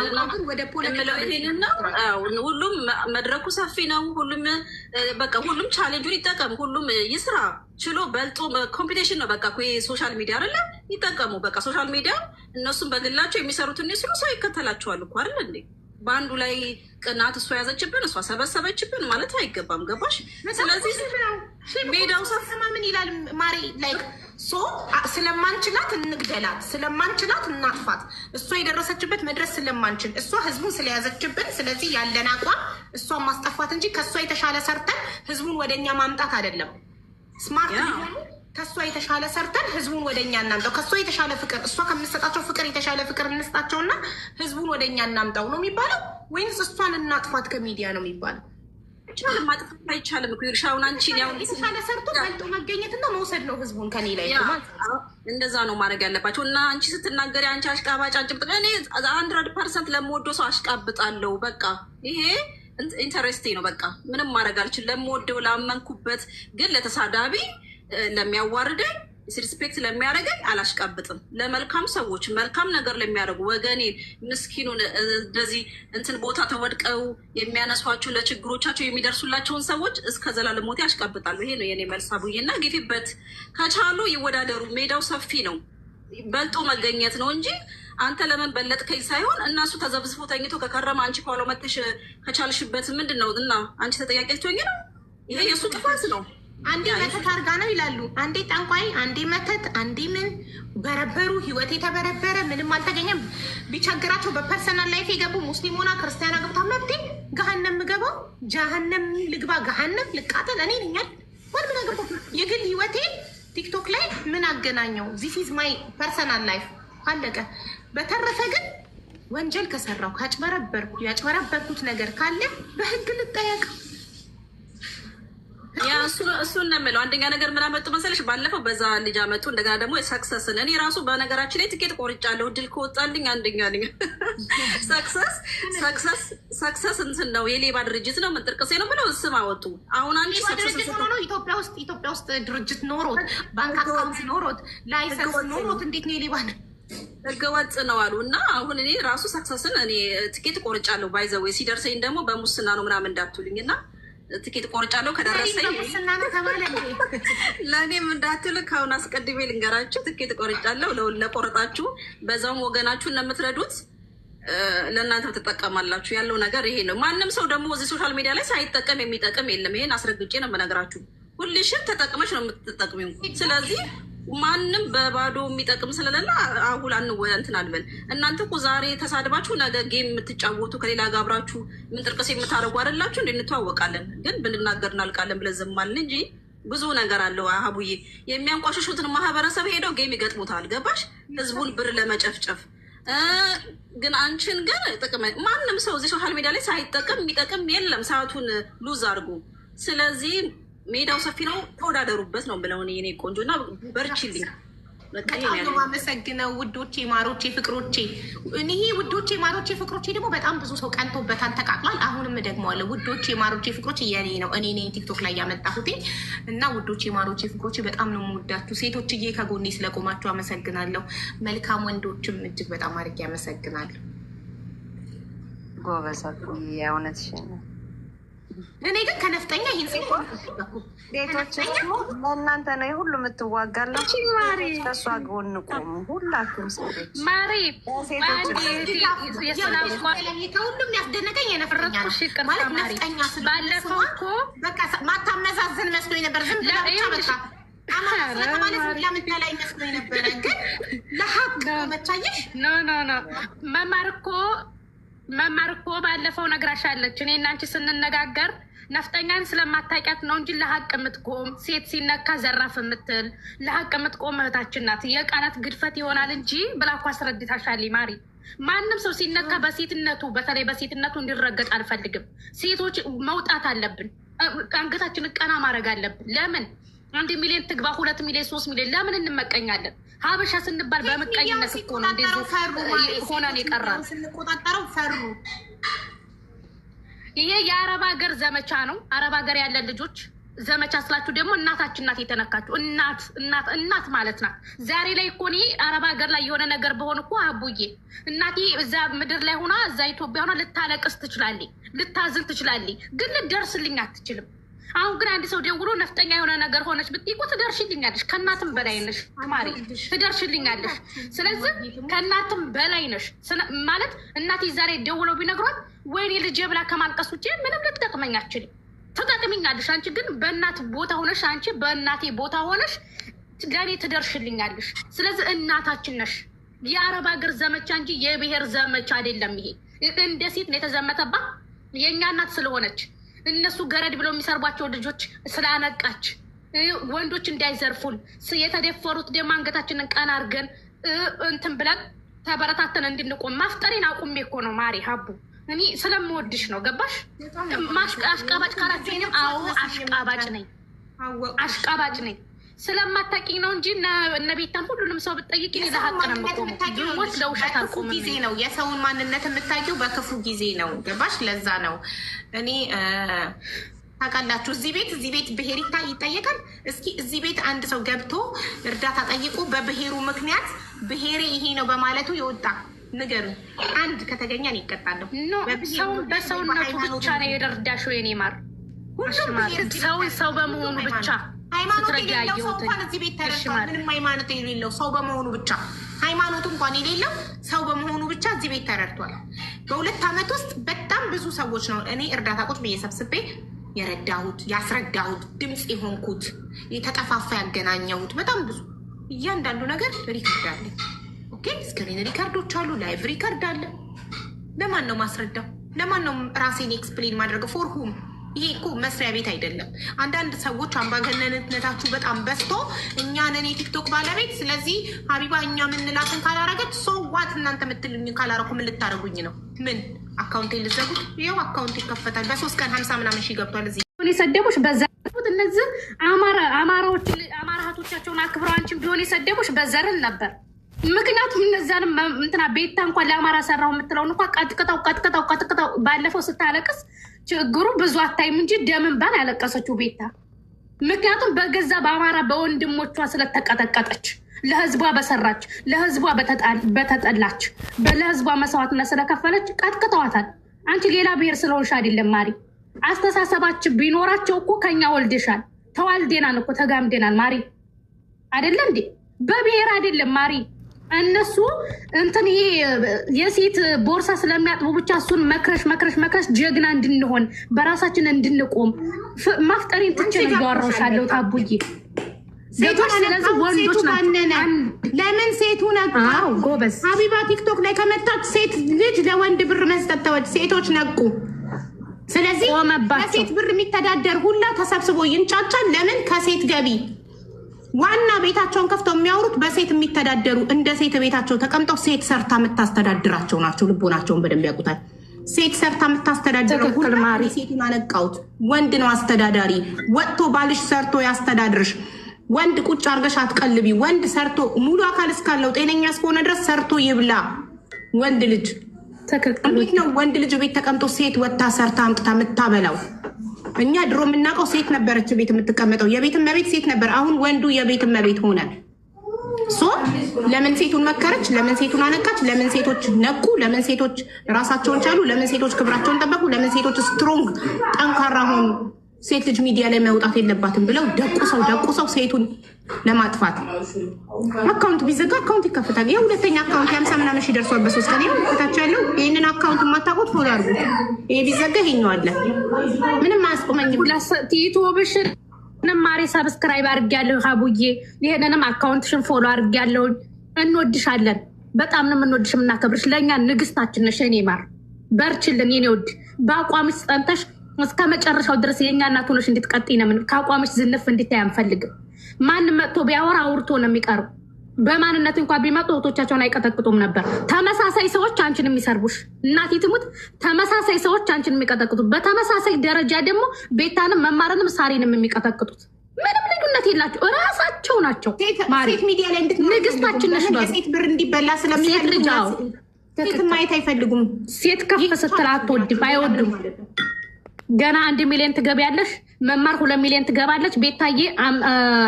ሁሉም መድረኩ ሰፊ ነው። ሁሉም በቃ ሁሉም ቻሌንጁን ይጠቀም፣ ሁሉም ይስራ ችሎ በልጦ ኮምፒቴሽን ነው። በቃ ሶሻል ሚዲያ አለ ይጠቀሙ። በቃ ሶሻል ሚዲያ እነሱም በግላቸው የሚሰሩትን ሲሉ ሰው ይከተላቸዋል እኮ አይደል እንዴ? በአንዱ ላይ ቅናት እሷ ያዘችብን እሷ ሰበሰበችብን ማለት አይገባም። ገባሽ? ስለዚህ ሜዳው ሰማ ምን ይላል ማሬ ላይ ስለማንችላት እንግደላት፣ ስለማንችላት እናጥፋት። እሷ የደረሰችበት መድረስ ስለማንችል እሷ ህዝቡን ስለያዘችብን፣ ስለዚህ ያለን አቋም እሷን ማስጠፋት እንጂ ከእሷ የተሻለ ሰርተን ህዝቡን ወደኛ ማምጣት አይደለም። ስማርት ሊሆኑ ከእሷ የተሻለ ሰርተን ህዝቡን ወደኛ እናምጣው። ከእሷ የተሻለ ፍቅር እሷ ከምንሰጣቸው ፍቅር የተሻለ ፍቅር እንስጣቸውና ህዝቡን ወደኛ እናምጣው ነው የሚባለው፣ ወይንስ እሷን እናጥፋት ከሚዲያ ነው የሚባለው? አይቻልም፣ ማጥፋት አይቻልም እኮ እርሻውን አንቺን የተሻለ ሰርቶ በልጦ መገኘት ነው መውሰድ ነው ህዝቡን ከኔ ላይ እንደዛ ነው ማድረግ ያለባቸው። እና አንቺ ስትናገር አንቺ አሽቃባጭ አንጭብጥ፣ እኔ አንድረድ ፐርሰንት ለምወደው ሰው አሽቃብጣለሁ። በቃ ይሄ ኢንተረስቴ ነው። በቃ ምንም ማድረግ አልችል ለምወደው ላመንኩበት፣ ግን ለተሳዳቢ ለሚያዋርደኝ ሪስፔክት ለሚያደርገኝ አላሽቃብጥም። ለመልካም ሰዎች መልካም ነገር ለሚያደርጉ ወገኔ ምስኪኑን እንደዚህ እንትን ቦታ ተወድቀው የሚያነሷቸው ለችግሮቻቸው የሚደርሱላቸውን ሰዎች እስከ ዘላለም ሞቴ ያሽቃብጣሉ። ይሄ ነው የኔ መልሳ ቡዬና ጌፊበት ከቻሉ ይወዳደሩ። ሜዳው ሰፊ ነው፣ በልጦ መገኘት ነው እንጂ አንተ ለምን በለጥከኝ ሳይሆን እነሱ ተዘብዝፎ ተኝቶ ከከረመ አንቺ ከኋላ መተሽ ከቻልሽበት ምንድን ነው እና አንቺ ተጠያቂ ትሆኝ ነው። ይሄ የእሱ ጥፋት ነው። አንዴ መተት አርጋ ነው ይላሉ፣ አንዴ ጠንቋይ፣ አንዴ መተት፣ አንዴ ምን በረበሩ። ህይወት የተበረበረ ምንም አልተገኘም። ቢቸግራቸው በፐርሰናል ላይፍ የገቡ ሙስሊም ሆና ክርስቲያና ገብታ መብቴ ገሀነም ምገባው ጀሀነም ልግባ ገሀነም ልቃጠል እኔ ነኛል ወል ምን አገባ የግል ህይወቴ ቲክቶክ ላይ ምን አገናኘው? ዚስ ማይ ፐርሰናል ላይፍ አለቀ። በተረፈ ግን ወንጀል ከሰራው ካጭበረበርኩ ያጭበረበርኩት ነገር ካለ በህግ ልጠየቅ። እሱን ነው የምለው። አንደኛ ነገር ምን አመጡ መሰለሽ? ባለፈው በዛ ልጅ አመጡ። እንደገና ደግሞ ሰክሰስን እኔ ራሱ በነገራችን ላይ ትኬት ቆርጫለሁ። ድል ከወጣልኝ አንደኛ ነኝ። ሰክሰስ ሰክሰስ ሰክሰስ እንትን ነው የሌባ ድርጅት ነው ምንጥርቅሴ ነው ብለው ስም አወጡ። አሁን አንድ ኢትዮጵያ ውስጥ ኢትዮጵያ ውስጥ ድርጅት ኖሮት ባንክ አካውንት ኖሮት ላይሰንስ ኖሮት እንዴት ነው የሌባ ነው ህገወጥ ነው አሉ እና አሁን እኔ ራሱ ሰክሰስን እኔ ትኬት ቆርጫለሁ። ባይዘወይ ሲደርሰኝ ደግሞ በሙስና ነው ምናምን እንዳትሉኝ እና ትኬት ቆርጫለሁ ከደረሰኝ ለእኔም እንዳትል ከአሁን አስቀድሜ ልንገራችሁ። ትኬት ቆርጫለሁ። ለቆረጣችሁ በዛውም ወገናችሁን ለምትረዱት ለእናንተ ትጠቀማላችሁ። ያለው ነገር ይሄ ነው። ማንም ሰው ደግሞ እዚህ ሶሻል ሚዲያ ላይ ሳይጠቀም የሚጠቅም የለም። ይሄን አስረግጬ ነው የምነግራችሁ። ሁልሽም ተጠቅመች ነው የምትጠቅሚው። ስለዚህ ማንም በባዶ የሚጠቅም ስለሌለ አሁን አንወ እንትን አልበል። እናንተ እኮ ዛሬ ተሳድባችሁ ነገ ጌም የምትጫወቱ ከሌላ ጋር አብራችሁ ምንጥርቅስ የምታደርጉ አይደላችሁ? እንተዋወቃለን፣ ግን ብንናገር እናልቃለን ብለን ዝም አልን እንጂ ብዙ ነገር አለው። አሀቡዬ የሚያንቋሸሹትን ማህበረሰብ ሄደው ጌም ይገጥሙታል። ገባሽ? ህዝቡን ብር ለመጨፍጨፍ ግን አንቺን ግን ጥቅመ ማንም ሰው እዚህ ሶሻል ሚዲያ ላይ ሳይጠቅም የሚጠቅም የለም። ሰዓቱን ሉዝ አድርጉ። ስለዚህ ሜዳው ሰፊ ነው፣ ተወዳደሩበት ነው ብለውን የኔ ቆንጆ እና በርችልኝ። በጣም አመሰግነው ውዶቼ፣ ማሮቼ፣ ፍቅሮቼ። እኒህ ውዶቼ፣ ማሮቼ፣ ፍቅሮቼ ደግሞ በጣም ብዙ ሰው ቀንቶበታል፣ ተቃቅሏል። አሁንም ደግመዋለሁ፣ ውዶቼ፣ ማሮቼ፣ ፍቅሮቼ የኔ ነው። እኔ ነኝ ቲክቶክ ላይ ያመጣሁት እና ውዶቼ፣ ማሮቼ፣ ፍቅሮቼ በጣም ነው የምወዳችሁ። ሴቶችዬ ከጎኔ ስለቆማችሁ አመሰግናለሁ። መልካም ወንዶችም እጅግ በጣም አድርጌ አመሰግናለሁ። ጎበዛ የእውነት እኔ ግን ከነፍጠኛ ይህን ጽፎ ለእናንተ ነው የሁሉ የምትዋጋላችሁ። ከእሷ ጎን ቆሙ ሁላችሁም ሴቶች። ማሬ ከሁሉም ያስደነቀኝ የነፍረጥኩሽ ማለት ነፍጠኛ ባለፈው እኮ ማታመዛዝን መስሎኝ ነበር። ዝም ብላ ብቻ መማር እኮ መማር እኮ ባለፈው ነግራሻለች። እኔ እናንቺ ስንነጋገር ነፍጠኛን ስለማታውቂያት ነው እንጂ ለሀቅ የምትቆም ሴት ሲነካ ዘራፍ የምትል ለሀቅ የምትቆም እህታችን ናት። የቃላት ግድፈት ይሆናል እንጂ ብላ እኮ ማሪ። ማንም ሰው ሲነካ በሴትነቱ በተለይ በሴትነቱ እንዲረገጥ አልፈልግም። ሴቶች መውጣት አለብን። አንገታችን ቀና ማድረግ አለብን። ለምን አንድ ሚሊዮን ትግባ፣ ሁለት ሚሊዮን፣ ሶስት ሚሊዮን ለምን እንመቀኛለን? ሀበሻ ስንባል በምቀኝነት እኮ ነው እንደዚህ ሆነን የቀራል። ስንቆጣጠረው ፈሩ። ይሄ የአረብ ሀገር ዘመቻ ነው። አረብ ሀገር ያለን ልጆች ዘመቻ ስላችሁ ደግሞ እናታችን ናት የተነካችሁ። እናት እናት እናት ማለት ናት። ዛሬ ላይ እኮ እኔ አረብ ሀገር ላይ የሆነ ነገር በሆን እኮ አቡዬ እናቴ እዛ ምድር ላይ ሆና እዛ ኢትዮጵያ ሆና ልታለቅስ ትችላለች፣ ልታዝን ትችላለች፣ ግን ልደርስልኝ አትችልም። አሁን ግን አንድ ሰው ደውሎ ነፍጠኛ የሆነ ነገር ሆነች ብትይ ትደርሽልኛለሽ። ከእናትም በላይ ነሽ ማሪ፣ ትደርሽልኛለሽ። ስለዚህ ከእናትም በላይ ነሽ ማለት እናቴ ዛሬ ደውለው ቢነግሯት ወይኔ ልጄ ብላ ከማልቀስ ውጭ ምንም ልትጠቅመኝ አትችልም። ትጠቅምኛለሽ። አንቺ ግን በእናት ቦታ ሆነሽ አንቺ በእናቴ ቦታ ሆነሽ ለእኔ ትደርሽልኛለሽ። ስለዚህ እናታችን ነሽ። የአረብ ሀገር ዘመቻ እንጂ የብሔር ዘመቻ አይደለም። ይሄ እንደ ሴት ነው የተዘመተባት የእኛ እናት ስለሆነች እነሱ ገረድ ብለው የሚሰርቧቸው ልጆች ስላነቃች ወንዶች እንዳይዘርፉን የተደፈሩት ደግሞ አንገታችንን ቀና አድርገን እንትን ብለን ተበረታተን እንድንቆም ማፍጠሬን አቁሜ እኮ ነው ማሪ ሀቡ እኔ ስለምወድሽ ነው ገባሽ አሽቃባጭ ካላችሁ አዎ አሽቃባጭ ነኝ አሽቃባጭ ነኝ ስለማታውቂኝ ነው እንጂ እነ ቤታም ሁሉንም ሰው ብጠይቅ ብትጠይቂ ለሀቅ ነው የምቆሙት። ለውሸት አልቆምም። ጊዜ ነው የሰውን ማንነት የምታውቂው በክፉ ጊዜ ነው። ገባሽ? ለዛ ነው እኔ ታውቃላችሁ፣ እዚህ ቤት እዚህ ቤት ብሄር ይጠየቃል። እስኪ እዚህ ቤት አንድ ሰው ገብቶ እርዳታ ጠይቁ በብሄሩ ምክንያት ብሄሬ ይሄ ነው በማለቱ የወጣ ንገሩ አንድ ከተገኘ ነው ይቀጣለሁ። በሰውነቱ ብቻ ነው የደርዳሽ የኔ ማር፣ ሰውን ሰው በመሆኑ ብቻ ሃይማኖት የሌለው ሰው እንኳን እዚህ ቤት ምንም ሃይማኖት የሌለው ሰው በመሆኑ ብቻ እንኳን የሌለው ሰው በመሆኑ ብቻ እዚህ ቤት ተረድቷል። በሁለት ዓመት ውስጥ በጣም ብዙ ሰዎች ነው እኔ እርዳታ ቁጭ ብዬ ሰብስቤ የረዳሁት፣ ያስረዳሁት፣ ድምፅ የሆንኩት፣ የተጠፋፋ ያገናኘሁት በጣም ብዙ እያንዳንዱ ነገር ሪከርድ አለ። ኦኬ ሪከርዶች አሉ። ላይቭ ሪከርድ አለ። ለማን ነው ማስረዳው? ለማን ነው ራሴን ኤክስፕሌን ማድረገው? ፎር ሁም ይሄ እኮ መስሪያ ቤት አይደለም። አንዳንድ ሰዎች አምባገነንነታችሁ በጣም በዝቶ እኛ ነን የቲክቶክ ባለቤት፣ ስለዚህ ሀቢባ እኛ የምንላትን ካላረገች ዋት እናንተ ምትልኝ ካላረኩ ምን ልታደርጉኝ ነው? ምን አካውንት ልዘጉት? ይኸው አካውንት ይከፈታል። በሶስት ቀን ሀምሳ ምናምን ሺ ገብቷል። እዚህ የሰደቦች በዛ እነዚህ አማራዎች አማራ እህቶቻቸውን አክብረው አንቺን ቢሆን የሰደቦች በዘርን ነበር። ምክንያቱም እነዛንም እንትና ቤታ እንኳን ለአማራ ሰራው የምትለውን እንኳ ቀጥቅጠው ቀጥቅጠው ቀጥቅጠው ባለፈው ስታለቅስ ችግሩ ብዙ አታይም እንጂ ደምንባን ያለቀሰችው ቤታ ምክንያቱም በገዛ በአማራ በወንድሞቿ ስለተቀጠቀጠች ለህዝቧ በሰራች ለህዝቧ በተጠላች ለህዝቧ መስዋዕትነት ስለከፈለች ቀጥቅጠዋታል። አንቺ ሌላ ብሔር ስለሆንሽ አይደለም ማሪ። አስተሳሰባች ቢኖራቸው እኮ ከኛ ወልደሻል፣ ተዋልዴናን እኮ ተጋምዴናል ማሪ። አይደለም እንዴ በብሔር አይደለም ማሪ። እነሱ እንትን ይሄ የሴት ቦርሳ ስለሚያጥቡ ብቻ እሱን መክረሽ መክረሽ መክረሽ ጀግና እንድንሆን በራሳችን እንድንቆም ማፍጠሪን ትችን ነው እያወራሁሽ ለምን ሴቱ ነቃ? ጎበዝ ሀቢባ ቲክቶክ ላይ ከመጣች ሴት ልጅ ለወንድ ብር መስጠት ተወች። ሴቶች ነቁ። ስለዚህ በሴት ብር የሚተዳደር ሁላ ተሰብስቦ ይንጫጫል። ለምን ከሴት ገቢ ዋና ቤታቸውን ከፍተው የሚያወሩት በሴት የሚተዳደሩ እንደ ሴት ቤታቸው ተቀምጠው ሴት ሰርታ የምታስተዳድራቸው ናቸው። ልቦናቸውን በደንብ ያውቁታል። ሴት ሰርታ የምታስተዳድረው ሴቱን አነቃውት። ወንድ ነው አስተዳዳሪ። ወጥቶ ባልሽ ሰርቶ ያስተዳድርሽ። ወንድ ቁጭ አርገሽ አትቀልቢ። ወንድ ሰርቶ ሙሉ አካል እስካለው ጤነኛ እስከሆነ ድረስ ሰርቶ ይብላ። ወንድ ልጅ እንዴት ነው ወንድ ልጅ ቤት ተቀምጦ ሴት ወጥታ ሰርታ አምጥታ የምታበላው? እኛ ድሮ የምናውቀው ሴት ነበረች ቤት የምትቀመጠው፣ የቤት እመቤት ሴት ነበር። አሁን ወንዱ የቤት እመቤት ሆነ። ሶ ለምን ሴቱን መከረች? ለምን ሴቱን አነቃች? ለምን ሴቶች ነቁ? ለምን ሴቶች ራሳቸውን ቻሉ? ለምን ሴቶች ክብራቸውን ጠበቁ? ለምን ሴቶች ስትሮንግ ጠንካራ ሆኑ? ሴት ልጅ ሚዲያ ላይ መውጣት የለባትም ብለው ደቁሰው ደቁሰው ሴቱን ለማጥፋት አካውንት ቢዘጋ አካውንት ይከፍታል። ያው ሁለተኛ አካውንት የአምሳ ምናምን ሺህ ደርሷል በሶስት ቀን ያው ከታች ያለው ይህንን አካውንት የማታውቁት ፎሎ አድርጉ። ይሄ ቢዘጋ አለ ምንም አያስቆመኝም። ቲቶ ብሽር ማሬ ሰብስክራይብ አድርጊያለሁ። ሀቡዬ ይሄንንም አካውንትሽን ፎሎ አድርጊያለሁ። እንወድሻለን። በጣም ነው የምንወድሽ የምናከብርሽ። ለእኛ ንግስታችን ነሽ። እኔ ማር በርችልን። የኔ ውድ በአቋምሽ ጸንተሽ እስከ መጨረሻው ድረስ የእኛ እናት ሆነሽ እንድትቀጥይ ነው። ከአቋምሽ ዝንፍ እንድታይ አንፈልግም። ማንም መጥቶ ቢያወራ አውርቶ ነው የሚቀርቡ። በማንነት እንኳ ቢመጡ እህቶቻቸውን አይቀጠቅጡም ነበር። ተመሳሳይ ሰዎች አንቺን የሚሰርቡሽ እናቴ ትሙት፣ ተመሳሳይ ሰዎች አንቺን የሚቀጠቅጡት፣ በተመሳሳይ ደረጃ ደግሞ ቤታንም መማርንም ሳሪንም የሚቀጠቅጡት ምንም ልዩነት የላቸው እራሳቸው ናቸው። ሴት ሚዲያ ላይ ንግስታችን ነሽ። ሴት ብር እንዲበላ ሴት ማየት አይፈልጉም። ሴት ከፍ ስትል አትወድም፣ አይወድም ገና አንድ ሚሊዮን ትገቢያለሽ። መማር ሁለት ሚሊዮን ትገባለች። ቤታዬ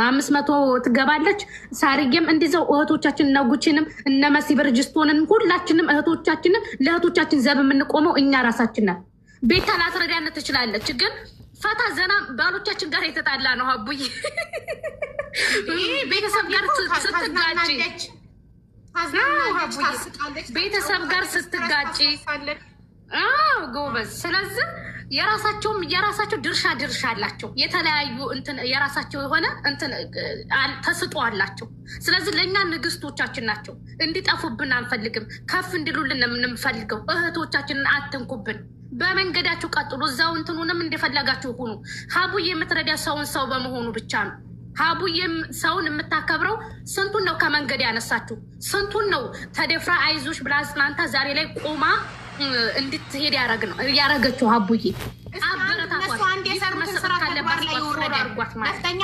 አምስት መቶ ትገባለች። ሳርዬም እንዲዘው እህቶቻችን እነጉችንም እነ መሲ ብርጅስቶንን ሁላችንም እህቶቻችንም ለእህቶቻችን ዘብ የምንቆመው እኛ ራሳችን ነን። ቤታ ላስረዳነት ትችላለች፣ ግን ፈታ ዘና ባሎቻችን ጋር የተጣላ ነው። አቡይ ቤተሰብ ጋር ስትጋጭ ቤተሰብ ጋር ስትጋጭ ጎበዝ። ስለዚህ የራሳቸውም የራሳቸው ድርሻ ድርሻ አላቸው። የተለያዩ የራሳቸው የሆነ ተስጦ አላቸው። ስለዚህ ለእኛ ንግስቶቻችን ናቸው። እንዲጠፉብን አንፈልግም። ከፍ እንዲሉልን የምንፈልገው እህቶቻችንን አትንኩብን። በመንገዳችሁ ቀጥሉ። እዛው እንትኑንም እንደፈለጋችሁ ሁኑ። ሀቡ የምትረዳ ሰውን ሰው በመሆኑ ብቻ ነው። ሀቡ ሰውን የምታከብረው ስንቱን ነው ከመንገድ ያነሳችሁ? ስንቱን ነው ተደፍራ አይዞሽ ብላ አጽናንታ ዛሬ ላይ ቆማ እንድትሄድ ያረግ ነው ያረገችው። አቡዬ ነፍጠኛ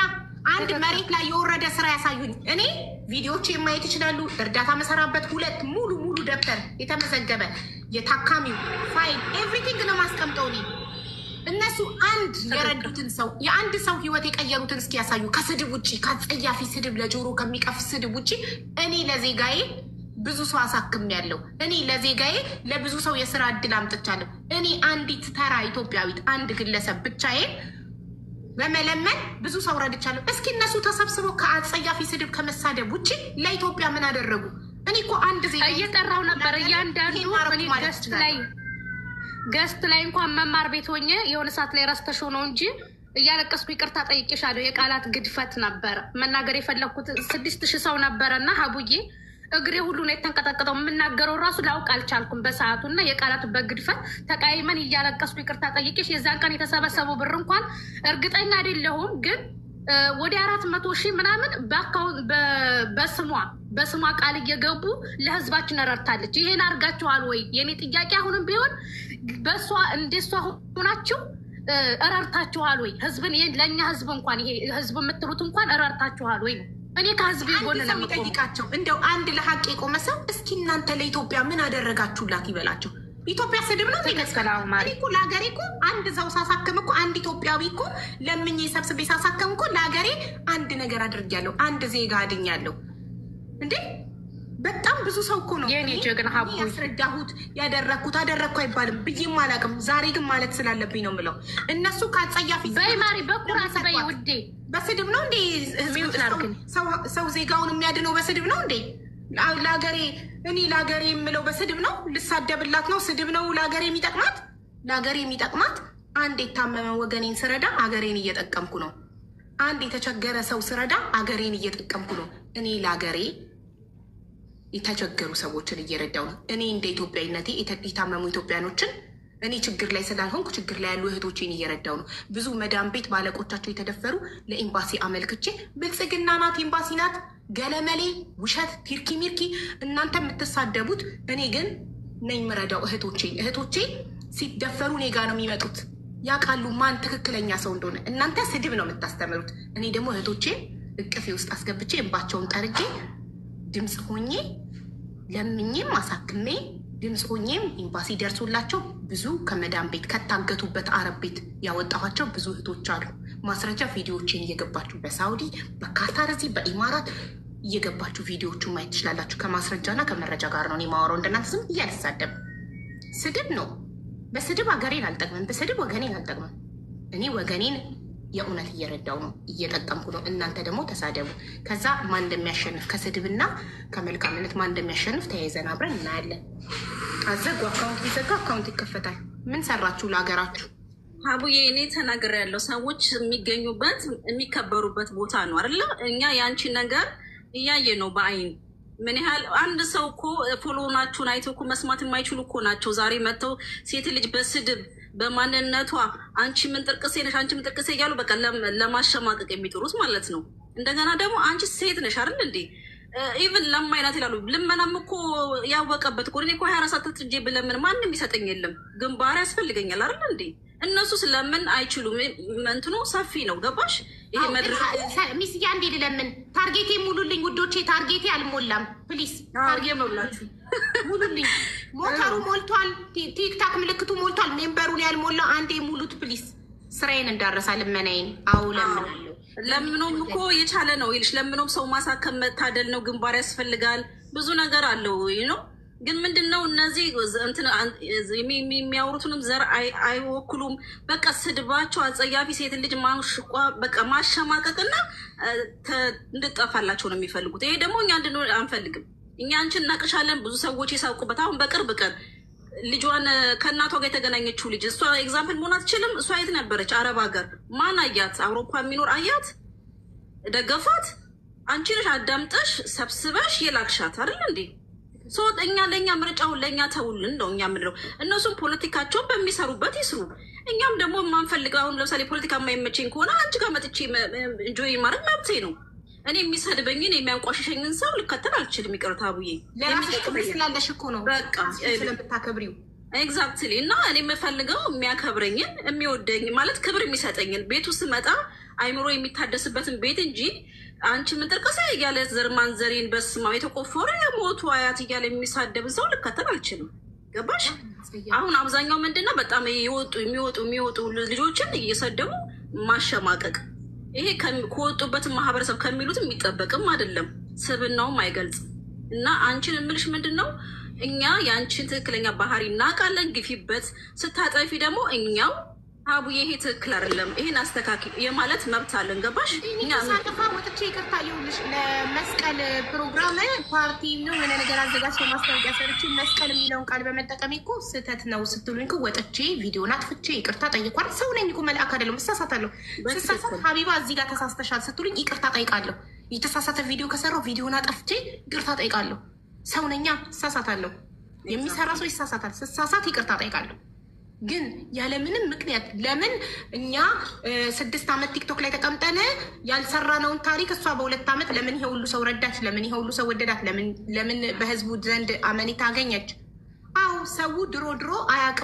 አንድ መሬት ላይ የወረደ ስራ ያሳዩኝ። እኔ ቪዲዮች የማየት ይችላሉ። እርዳታ መሰራበት ሁለት ሙሉ ሙሉ ደብተር የተመዘገበ የታካሚው ፋይል ኤቭሪቲንግ ነው ማስቀምጠው እኔ እነሱ አንድ የረዱትን ሰው የአንድ ሰው ህይወት የቀየሩትን እስኪ ያሳዩ ከስድብ ውጭ ከጸያፊ ስድብ ለጆሮ ከሚቀፍ ስድብ ውጭ እኔ ለዜጋዬ ብዙ ሰው አሳክም ያለው እኔ ለዜጋዬ ለብዙ ሰው የስራ እድል አምጥቻለሁ። እኔ አንዲት ተራ ኢትዮጵያዊት አንድ ግለሰብ ብቻዬን በመለመን ብዙ ሰው ረድቻለሁ። እስኪ እነሱ ተሰብስበው ከአጸያፊ ስድብ ከመሳደብ ውጭ ለኢትዮጵያ ምን አደረጉ? እኔ እኮ አንድ ዜ እየጠራው ነበር እያንዳንዱ ገስት ላይ ገስት ላይ እንኳን መማር ቤት ሆኜ የሆነ ሰዓት ላይ ረስተሽው ነው እንጂ እያለቀስኩ ይቅርታ ጠይቄሻለሁ። የቃላት ግድፈት ነበር መናገር የፈለግኩት ስድስት ሺህ ሰው ነበረ እና ሀቡዬ እግሬ ሁሉ ነው የተንቀጠቀጠው። የምናገረው ራሱ ላውቅ አልቻልኩም በሰዓቱ እና የቃላት በግድፈት ተቃይመን እያለቀስኩ ይቅርታ ጠይቄሽ የዛን ቀን የተሰበሰበው ብር እንኳን እርግጠኛ አይደለሁም ግን ወደ አራት መቶ ሺህ ምናምን በስሟ በስሟ ቃል እየገቡ ለህዝባችን እረርታለች። ይሄን አድርጋችኋል ወይ? የኔ ጥያቄ አሁንም ቢሆን በእሷ እንደሷ ሆናችሁ እረርታችኋል ወይ? ህዝብን ለእኛ ህዝብ እንኳን ይሄ ህዝብ የምትሉት እንኳን እረርታችኋል ወይ ነው። እኔ ከህዝብ ጎን ነው የሚጠይቃቸው። እንደው አንድ ለሀቅ የቆመ ሰው እስኪ እናንተ ለኢትዮጵያ ምን አደረጋችሁላት ይበላቸው። ኢትዮጵያ ስድብ ነው ሚመስላልኮ ለሀገሬ እኮ አንድ ሰው ሳሳክም እኮ አንድ ኢትዮጵያዊ እኮ ለምኝ ሰብስቤ ሳሳክም እኮ ለሀገሬ አንድ ነገር አድርጊያለሁ፣ አንድ ዜጋ አድኛለሁ እንዴ በጣም ብዙ ሰው እኮ ነው ያስረዳሁት ያደረግኩት አደረግኩ አይባልም ብዬ አላውቅም። ዛሬ ግን ማለት ስላለብኝ ነው የምለው። እነሱ ከአጸያፊ በስድብ ነው እንዴ? ሰው ዜጋውን የሚያድነው በስድብ ነው እንዴ? ለሀገሬ እኔ ለሀገሬ የምለው በስድብ ነው። ልሳደብላት ነው ስድብ ነው። ለሀገሬ የሚጠቅማት ለሀገሬ የሚጠቅማት አንድ የታመመ ወገኔን ስረዳ ሀገሬን እየጠቀምኩ ነው። አንድ የተቸገረ ሰው ስረዳ ሀገሬን እየጠቀምኩ ነው። እኔ ለሀገሬ የተቸገሩ ሰዎችን እየረዳው ነው። እኔ እንደ ኢትዮጵያዊነቴ የታመሙ ኢትዮጵያኖችን እኔ ችግር ላይ ስላልሆንኩ ችግር ላይ ያሉ እህቶችን እየረዳው ነው። ብዙ መዳም ቤት ባለቆቻቸው የተደፈሩ ለኤምባሲ አመልክቼ ብልጽግና ናት ኤምባሲ ናት ገለመሌ ውሸት ቲርኪ ሚርኪ እናንተ የምትሳደቡት፣ እኔ ግን ነኝ ምረዳው እህቶቼ እህቶቼ ሲደፈሩ እኔ ጋ ነው የሚመጡት። ያውቃሉ ማን ትክክለኛ ሰው እንደሆነ። እናንተ ስድብ ነው የምታስተምሩት። እኔ ደግሞ እህቶቼ እቅፌ ውስጥ አስገብቼ እንባቸውን ጠርጌ ድምፅ ሆኜ ለምኜም አሳክሜ ድምፅ ሆኜም ኤምባሲ ደርሶላቸው ብዙ ከመዳን ቤት ከታገቱበት አረብ ቤት ያወጣኋቸው ብዙ እህቶች አሉ። ማስረጃ ቪዲዮዎችን እየገባችሁ በሳውዲ በካታር እዚህ በኢማራት እየገባችሁ ቪዲዮዎቹን ማየት ትችላላችሁ። ከማስረጃና ከመረጃ ጋር ነው የማወራው። እንደናንተ ዝም እያልሳደብ ስድብ ነው። በስድብ ሀገሬን አልጠቅምም። በስድብ ወገኔን አልጠቅምም። እኔ ወገኔን የእውነት እየረዳው ነው፣ እየጠቀምኩ ነው። እናንተ ደግሞ ተሳደቡ። ከዛ ማን እንደሚያሸንፍ ከስድብና ከመልካምነት ማን እንደሚያሸንፍ ተያይዘን አብረን እናያለን። አዘጉ አካውንት ቢዘጋ አካውንት ይከፈታል። ምን ሰራችሁ ለሀገራችሁ? አቡዬ እኔ ተናገር ያለው ሰዎች የሚገኙበት የሚከበሩበት ቦታ ነው አይደለ? እኛ የአንቺ ነገር እያየ ነው በአይን ምን ያህል አንድ ሰው እኮ ፎሎናችሁን አይተው እኮ መስማት የማይችሉ እኮ ናቸው ዛሬ መጥተው ሴት ልጅ በስድብ በማንነቷ አንቺ ምን ጥርቅሴ ነሽ፣ አንቺ ምን ጥርቅሴ እያሉ በቃ ለማሸማቀቅ የሚጥሩት ማለት ነው። እንደገና ደግሞ አንቺ ሴት ነሽ አይደል እንዴ? ኢቨን ለማይናት ይላሉ። ልመናም እኮ ያወቀበት እኮ እኔ እኮ ሀያ አራት ሰዓት ትጄ ብለምን ማንም ይሰጠኝ የለም፣ ግንባር ያስፈልገኛል አይደል እንዴ? እነሱ ስለምን አይችሉም? መንትኖ ሰፊ ነው። ገባሽ? ይሄ ሚስያ እንዴ ልለምን ታርጌቴ ሙሉልኝ ውዶቼ፣ ታርጌቴ አልሞላም። ፕሊስ ታርጌ መውላችሁ ሙሉልኝ። ሞተሩ ሞልቷል። ቲክታክ ምልክቱ ሞልቷል። ሜምበሩን ያልሞላው አንዴ ሙሉት ፕሊስ። ስራዬን እንዳረሳ ልመናዬን። አዎ ለምኖም እኮ የቻለ ነው ይልሽ። ለምኖም ሰው ማሳከም መታደል ነው። ግንባር ያስፈልጋል። ብዙ ነገር አለው ነው ግን ምንድን ነው እነዚህ የሚያወሩትንም ዘር አይወክሉም። በቃ ስድባቸው አጸያፊ ሴት ልጅ ማሽቋ በቃ ማሸማቀቅና እንድጠፋላቸው ነው የሚፈልጉት። ይሄ ደግሞ እኛ እንድንሆን አንፈልግም። እኛ አንቺን እናቅሻለን። ብዙ ሰዎች የሳውቁበት አሁን በቅርብ ቀን ልጇን ከእናቷ ጋር የተገናኘችው ልጅ እሷ ኤግዛምፕል መሆን አትችልም። እሷ የት ነበረች? አረብ ሀገር። ማን አያት? አውሮፓ የሚኖር አያት፣ ደገፋት። አንቺ ነሽ አዳምጠሽ ሰብስበሽ የላክሻት አይደል እንዴ? ሰት እኛ ለእኛ ምርጫውን ለእኛ ተውልን ነው እኛ የምንለው። እነሱም ፖለቲካቸውን በሚሰሩበት ይስሩ። እኛም ደግሞ የማንፈልገው አሁን ለምሳሌ ፖለቲካ የማይመቸኝ ከሆነ አንቺ ጋር መጥቼ እንጆይ ማድረግ መብቴ ነው። እኔ የሚሰድበኝን የሚያንቋሸሸኝን ሰው ልከተል አልችልም። ይቅርታ ብዬ ለራስሽ ክብር ስላለሽ እኮ ነው በቃ ስለምታከብሪው ኤግዛክትሊ እና እኔ የምፈልገው የሚያከብረኝን የሚወደኝ ማለት ክብር የሚሰጠኝን ቤቱ ስመጣ አይምሮ የሚታደስበትን ቤት እንጂ አንቺ ምንጠርቀሰ እያለ ዘርማን ዘሬን በስማ የተቆፈረ የሞቱ አያት እያለ የሚሳደብ ሰው ልከተል አልችልም። ገባሽ? አሁን አብዛኛው ምንድነው በጣም የወጡ የሚወጡ የሚወጡ ልጆችን እየሰደቡ ማሸማቀቅ ይሄ ከወጡበትም ማህበረሰብ ከሚሉት የሚጠበቅም አይደለም፣ ስብናውም አይገልጽም። እና አንቺን የምልሽ ምንድን ነው እኛ የአንቺን ትክክለኛ ባህሪ እናውቃለን፣ ግፊበት። ስታጠፊ ደግሞ እኛው አቡ ይሄ ትክክል አይደለም፣ ይሄን አስተካኪ የማለት መብት አለን። ገባሽ? ሳለፋ ወጥቼ ይቅርታ ይሁንልሽ። ለመስቀል ፕሮግራም ፓርቲ ነው የሆነ ነገር አዘጋጅ ማስታወቂያ ሰርቼ መስቀል የሚለውን ቃል በመጠቀም እኮ ስህተት ነው ስትሉኝ እኮ ወጥቼ ቪዲዮን አጥፍቼ ይቅርታ ጠይቋል። ሰው ነኝ እኮ መልአክ አይደለሁም፣ እሳሳታለሁ። ስሳሳት ሀቢባ እዚህ ጋር ተሳስተሻል ስትሉኝ ይቅርታ ጠይቃለሁ። የተሳሳተ ቪዲዮ ከሰራው ቪዲዮን አጥፍቼ ይቅርታ ጠይቃለሁ። ሰው ነኛ፣ እሳሳታለሁ። የሚሰራ ሰው ይሳሳታል። ስሳሳት ይቅርታ ጠይቃለሁ። ግን ያለምንም ምክንያት ለምን እኛ ስድስት ዓመት ቲክቶክ ላይ ተቀምጠን ያልሰራነውን ታሪክ እሷ በሁለት ዓመት ለምን ይሄ ሁሉ ሰው ረዳች? ለምን ይሄ ሁሉ ሰው ወደዳት? ለምን በህዝቡ ዘንድ አመኔታ አገኘች? አዎ ሰው ድሮ ድሮ አያውቅም።